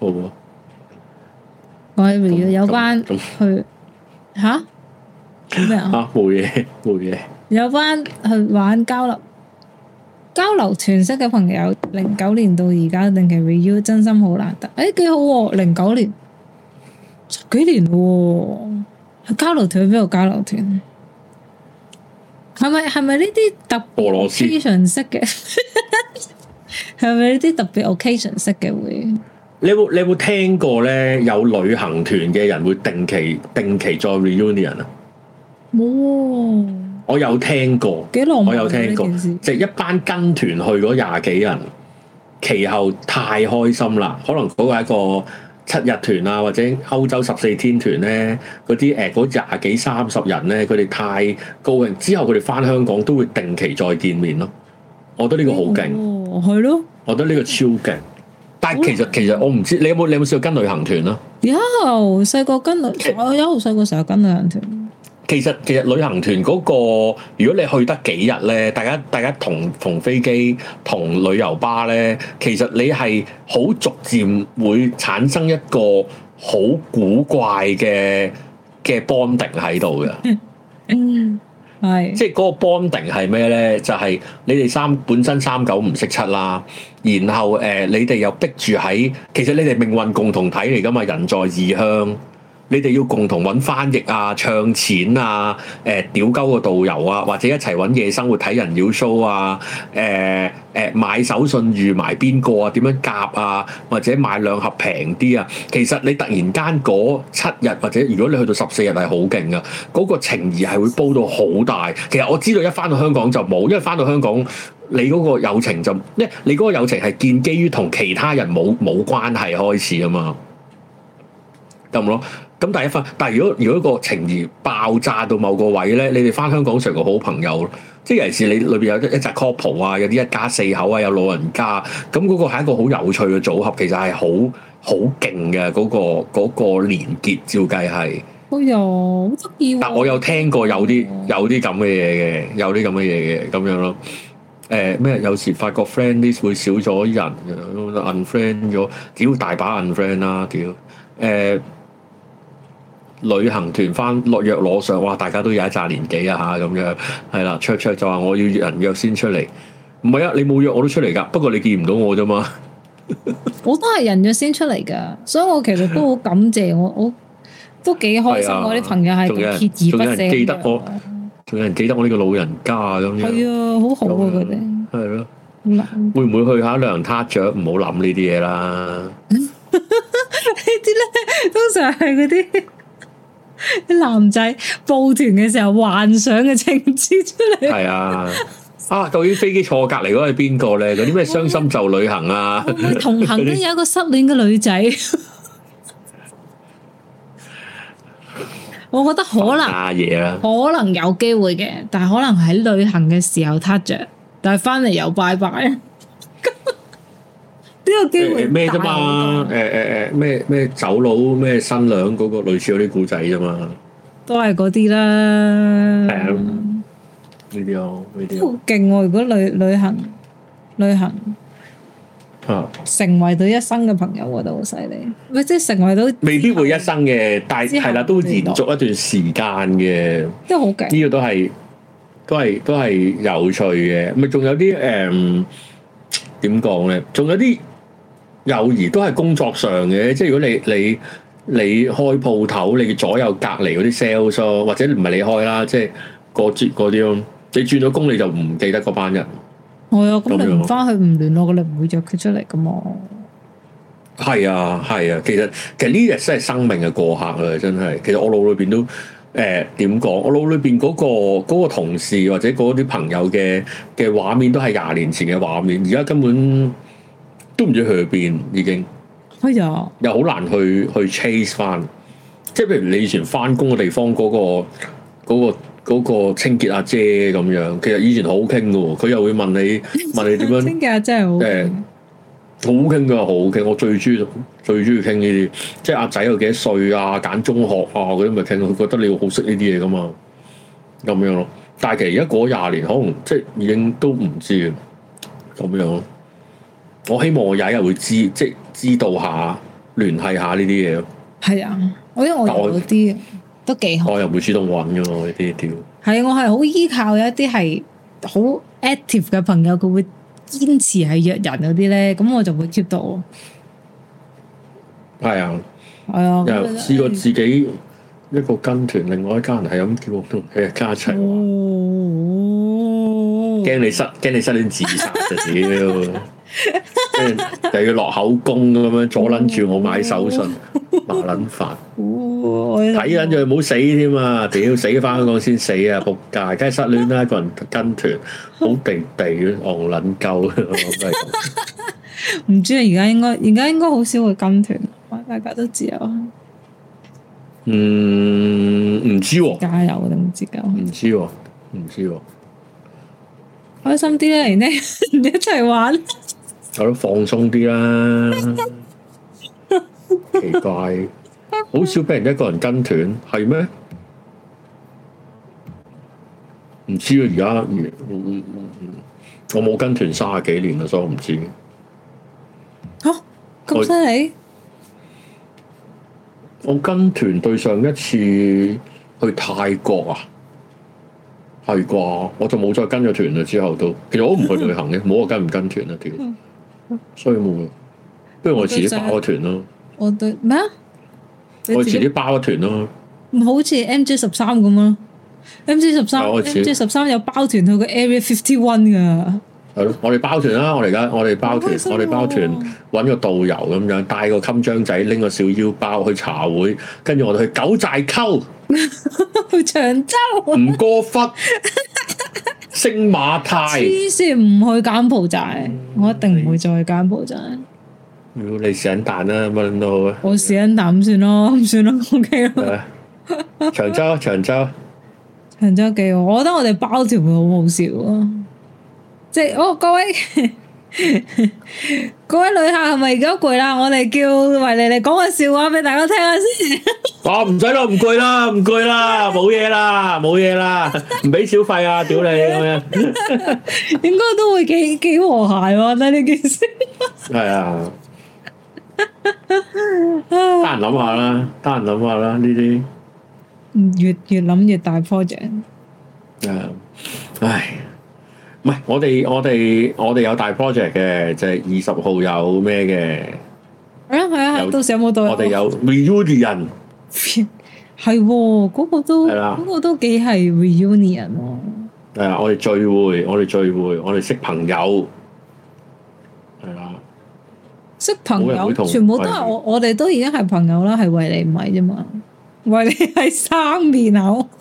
好啊，我喺 review 樣有關去吓。做咩啊？冇嘢，冇嘢。有班去玩交流交流團式嘅朋友，零九年到而家定期 reunion，真心好難得。誒，幾好，零九年，十幾年咯。交流團邊度交流團？係咪係咪呢啲特別 occasion 式嘅？係咪呢啲特別 occasion 式嘅會？你有冇你有冇聽過咧？有旅行團嘅人會定期定期再 reunion 呢人啊？冇，哦、我有聽過，幾耐？我有聽過，呢件事，即係一班跟團去嗰廿幾人，其後太開心啦！可能嗰個係一個七日團啊，或者歐洲十四天團咧，嗰啲誒嗰廿幾三十人咧，佢哋太高興，之後佢哋返香港都會定期再見面咯。我覺得呢個好勁，係、欸哦、咯，我覺得呢個超勁。但係其實的其實我唔知你有冇你有冇試過跟旅行團啦？有細個跟旅、哦，我有細個時候跟旅行團。其實其實旅行團嗰個，如果你去得幾日咧，大家大家同同飛機、同旅遊巴咧，其實你係好逐漸會產生一個好古怪嘅嘅 bonding 喺度嘅。嗯，係。即係嗰個 bonding 係咩咧？就係你哋三本身三九唔識七啦，然後誒你哋又逼住喺，其實你哋命運共同體嚟㗎嘛，人在異鄉。你哋要共同揾翻譯啊、唱錢啊、誒屌鳩個導遊啊，或者一齊揾夜生活睇人妖 show 啊、誒、呃、誒、呃、買手信預埋邊個啊、點樣夾啊，或者買兩盒平啲啊。其實你突然間嗰七日或者如果你去到十四日係好勁㗎，嗰、嗰個情誼係會煲到好大。其實我知道一返到香港就冇，因為返到香港你嗰個友情就，因為你嗰個友情係建基於同其他人冇冇關係開始啊嘛，得冇咯？咁第一分，但係如果如果個情義爆炸到某個位咧，你哋返香港成個好朋友，即係尤其是你裏邊有一隻 couple 啊，有啲一家四口啊，有老人家，咁、嗯、嗰、那個係一個好有趣嘅組合，其實係好好勁嘅嗰個嗰、那個連結，照計係，哎呀、哦，好得意！但我有聽過有啲有啲咁嘅嘢嘅，有啲咁嘅嘢嘅咁樣咯。誒咩、呃？有時發覺 friend list 會少咗人，unfriend 咗，屌大把 unfriend 啦，屌誒！旅行團翻落約攞上，哇！大家都有一把年紀啊吓，咁樣係啦，卓卓就話我要人約先出嚟。唔係啊，你冇約我都出嚟噶，不過你見唔到我啫嘛。我都係人約先出嚟噶，所以我其實都好感謝我，我都幾開心、啊、我啲朋友係，仲有人記得我，仲有人記得我呢個老人家咁樣，係啊，好好啊，佢哋係咯，啊、會唔會去下涼塌着？唔好諗呢啲嘢啦，呢啲咧通常係嗰啲。啲男仔報團嘅時候幻想嘅情節出嚟，係啊，啊，究竟飛機坐隔籬嗰係邊個咧？嗰啲咩傷心就旅行啊？ <laughs> 會唔會同行都有一個失戀嘅女仔， <laughs> 我覺得可能，阿爺啦，可能有機會嘅，但係可能喺旅行嘅時候撻着，但係翻嚟又拜拜。 <laughs> 呢個機會咩啫嘛？誒誒誒，咩咩走佬咩新娘嗰個類似嗰啲古仔啫嘛？都係嗰啲啦。係啊，呢啲啊，呢啲好勁喎！如果旅旅行旅行，啊，成為到一生嘅朋友我都好犀利。咪即係成為到未必會一生嘅，但係啦都延續一段時間嘅，都好勁。呢個都係都係都係有趣嘅。咪仲有啲誒，點講咧？仲有啲。友誼都係工作上嘅，即係如果你你你開鋪頭，你左右隔離嗰啲 sales，或者唔係你開啦，即係過節嗰啲咯。你轉咗工，你就唔記得嗰班人。係啊、哎，咁你唔翻去唔聯絡，你唔會約佢出嚟噶嘛。係啊，係啊，其實其實呢日真係生命嘅過客啊，真係。其實我腦裏邊都誒，點講？我腦裏邊嗰、嗰個嗰個同事或者嗰啲朋友嘅嘅畫面都係廿年前嘅畫面，而家根本。嗯都唔知去邊，已經開咗，了又好難去去 chase 翻。即係譬如你以前翻工嘅地方嗰、嗰個、嗰個、嗰個清潔阿姐咁樣，其實以前好傾噶，佢又會問你 <laughs> 問你點樣。清潔阿姐好誒、呃，好傾噶，好傾。我最中意最中意傾呢啲，即係阿仔有幾多歲啊，揀中學啊嗰啲咪傾。佢覺得你好識呢啲嘢噶嘛，咁樣咯。但係其實而家過咗廿年，可能即係已經都唔知咁樣咯。我希望我有一日會知即係，知道下聯繫下呢啲嘢咯。係啊，我因為我有啲我都幾好，我又會主動搵嘅喎呢啲屌。係我係好依靠有一啲係好 active 嘅朋友，佢會堅持係約人嗰啲咧，咁我就會 keep 到。係啊，係啊，又試過自己一個跟團，另外一家人係咁叫都係、哎、家齊，驚、哦哦、你失驚你失戀自殺就自己。 <laughs> <laughs> 又 <laughs> 要落口供咁樣阻捻住我買手信，麻捻煩，睇捻住冇死添啊！屌死翻香港先死啊！仆街，梗係失戀啦！一個人跟團好地地戇捻鳩，唔知啊！而家應該而家應該好少會跟團，大家都自由啊！嗯，唔知加油定唔知？唔知唔知開心啲咧，嚟呢， <laughs> 一齊玩。我都放鬆啲啦，奇怪，好少俾人一個人跟團，係咩？唔知啊，而家、嗯嗯，我冇跟團三十幾年啦，所以我唔知。吓咁犀利！我跟團對上一次去泰國啊，係啩？我就冇再跟咗團啦，之後都其實我都唔去旅行嘅，冇我跟唔跟團啦，團。 <laughs> 所以冇，不如我自己包個團咯。我對咩啊？我自己包個團咯。唔好似 M J 十三咁樣咯。M J 十三，M J 十三有包團去個 Area Fifty One 噶。係咯，我哋包團啦。我哋而家我哋包團，我哋包團，搵個導遊咁樣，帶個襟章仔，拎個小腰包去茶會，跟住我哋去九寨溝，去長 <laughs> 長洲，唔 <laughs> 過分。星馬泰，黐線，唔去柬埔寨。嗯、我一定唔會再去柬埔寨。如果你彈想彈啦，乜諗都好啊。我想彈咁算咯，算咯，OK 咯、啊。長洲，長洲，長洲嘅，我覺得我哋包條會好好笑啊！即係，哦，各位。 <laughs> <laughs> 各位旅客係咪而家攰啦？我哋叫埋你哋講個笑話俾大家聽下先。 <laughs> 哦，唔使啦，唔攰啦，唔攰啦，冇嘢啦，冇嘢啦，唔俾小費啊，屌你咁樣。 <laughs> <laughs> 應該都會幾幾和諧喎，睇呢件事。係啊。得閒諗下啦，得閒諗下啦，呢啲。越越諗越大 project。哎、唉。唔係，我哋我哋我哋有大 project 嘅，就係二十號有咩嘅？係啊係啊，啊有到時有冇到人？我哋有 reunion，係嗰個都係啦，嗰個都幾係 reunion 喎。係啊，我哋聚會，我哋聚會，我哋識朋友，係啊，識朋友全部都係的我我哋都已經係朋友啦，係為你唔係啫嘛，為你係生面口。 <laughs>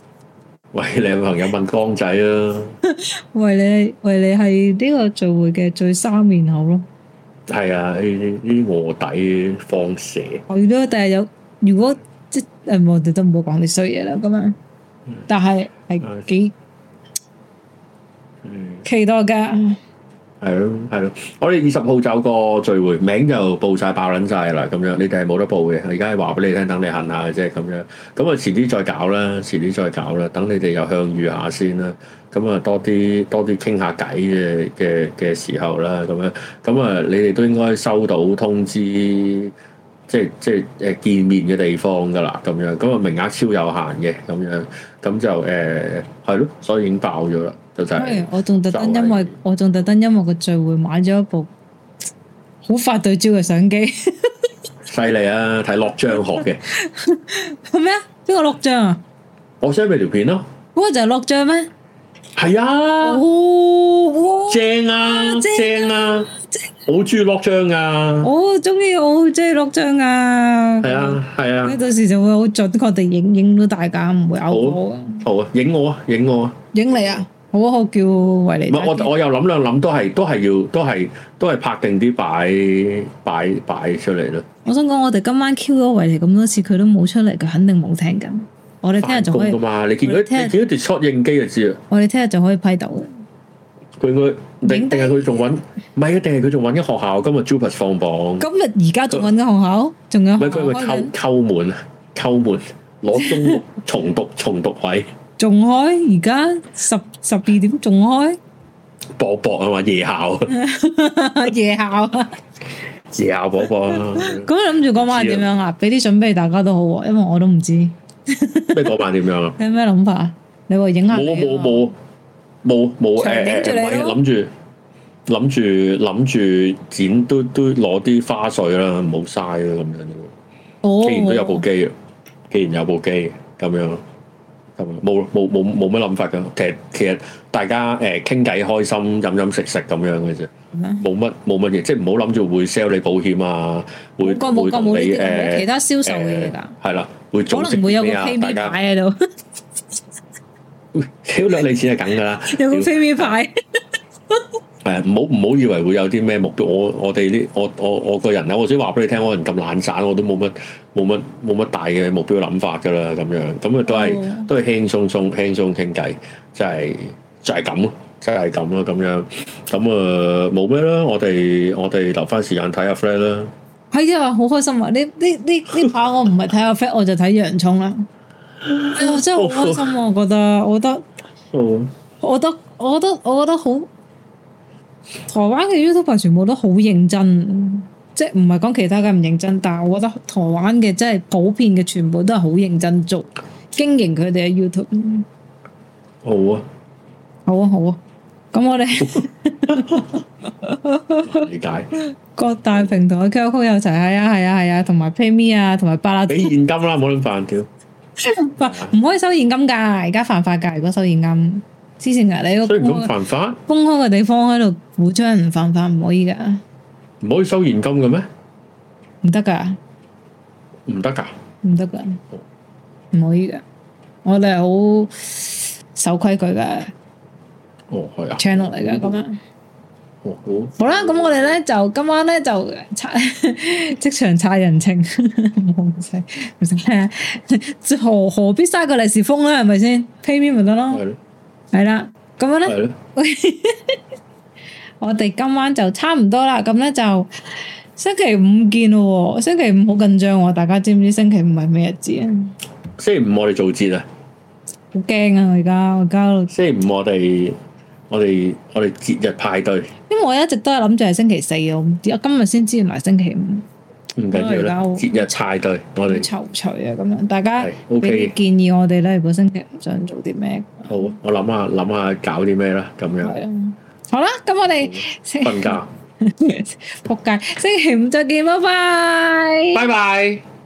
喂， <laughs> 你有朋友問江仔啊？喂，你喂你係呢個聚會嘅最生面口咯。係 <laughs> <laughs> 啊，呢啲臥底放蛇。係咯， <laughs> 呃，但係有如果即係我哋都唔好講啲衰嘢啦，咁樣， <laughs> 嗯。但係係幾期待嘅。 <laughs> 係咯，係咯，我哋二十號就個聚會名就報晒爆撚晒啦，咁樣你哋係冇得報嘅，而家係話俾你聽，等你恨下嘅啫，咁樣咁啊，遲啲再搞啦，遲啲再搞啦，等你哋又相遇下先啦，咁啊多啲多啲傾下偈嘅嘅嘅時候啦，咁樣咁啊，你哋都應該收到通知，即係即係誒見面嘅地方噶啦，咁樣咁啊，名額超有限嘅，咁樣。咁就誒係咯，所以已經爆咗啦，就真係。我仲特登因為我仲特登因為個聚會買咗一部好快對焦嘅相機，犀利啊！睇落張學嘅係咩啊？邊個六張啊？我 send 俾條片咯。嗰個就係六張咩？係啊！哇！正啊！正啊！好中意落章噶，我中意，好中意落章噶。係啊，係啊。呢、啊啊、到時就會好準確地影影到大家，唔會有我。好啊，影我啊，影我啊。影你啊，好好叫維尼。我，我又諗兩諗，都係都係要，都係都係拍定啲擺擺擺出嚟咯。我想講，我哋今晚 Q 咗維尼咁多次，佢都冇出嚟，佢肯定冇聽緊。我哋聽日就可以。反攻㗎嘛！你見到你見到條攝影機就知啦。我哋聽日就可以批到。佢應該定定係佢仲搵，唔係啊？定係佢仲搵緊學校？今日 JUPAS 放榜，今日而家仲搵緊學校，仲有。唔係佢咪叩叩門啊？叩門攞中重讀重讀位，仲開？而家十十二點仲開？搏搏係嘛夜校，夜校，夜校搏搏。咁諗住嗰晚點樣啊？俾啲準備大家都好，因為我都唔知。咩嗰晚點樣啊？你有咩諗法啊？你話影下嘢啊？冇冇冇。冇冇誒，唔係諗住，諗住諗住剪都都攞啲花絮啦，唔好嘥啦咁樣啫。既然都有部機，既然有部機咁樣，咁冇冇冇冇乜諗法噶。其實其實大家誒傾偈開心，飲飲食食咁樣嘅啫，冇乜冇乜嘢，即係唔好諗住會 sell 你保險啊，會會同你誒其他銷售嘅嘢噶，係啦，會可能會有部機俾擺喺度。少掠你錢係梗噶啦，有咁飛邊派？誒，唔好唔好以為會有啲咩目標。我我哋呢，我我我個人啊，我先話俾你聽，我人咁懶散，我都冇乜冇乜冇乜大嘅目標諗法噶啦，咁樣咁啊都係都係輕鬆鬆輕鬆傾偈，真係就係咁咯，真係咁咯，咁樣咁啊冇咩啦。我哋我哋留翻時間睇下 friend 啦。係啊，好開心啊！呢呢呢呢排我唔係睇下 friend，我就睇洋葱啦。哎真係好開心啊，我覺，我，覺 <laughs> 我覺得，我覺得，我覺得，我覺得，我覺得好。台灣嘅 YouTuber 全部都好認真，即係唔係講其他嘅唔認真，但係我覺得台灣嘅真係普遍嘅全部都係好認真做經營佢哋嘅 YouTube。好啊，好啊，好啊，好啊，咁我哋理解各大平台嘅 QR code 有齊。係啊，係啊，係啊，同埋 PayMe 啊，同埋啊啊、巴拉，俾現金啦，冇好諗飯條。 <laughs> 唔可以收現金噶，而家犯法噶。如果收現金，之前嘅你都公開嘅地方喺度鼓掌唔犯法，唔可以噶。唔可以收現金嘅咩？唔得噶，唔得噶，唔得噶，唔可以噶。我哋係好守規矩噶。哦，係啊，channel 嚟噶咁樣。好啦，咁吧、嗯、我哋咧就今晚咧就即 <laughs> 場刷人情， <laughs> 唔使唔使咩？何何必嘥個利是封咧？係咪先 pay me 咪得咯？係啦，咁樣咧，我哋今晚就差唔多啦。咁咧就星期五見咯。星期五好緊張，大家知唔知星期五係咩日子啊？星期五我哋做節啊，好驚啊！我而家我而家星期五我哋。我哋我哋節日派對，因為我一直都係諗住係星期四嘅，我今日先知原來係星期五。唔緊要啦，節日派對我哋籌取啊，咁樣大家俾啲、okay、建議我哋咧，星期五想做啲咩？好，我諗下諗下搞啲咩啦。咁樣，啊、好啦，咁我哋瞓覺，仆街，星期五再見，拜拜，拜拜。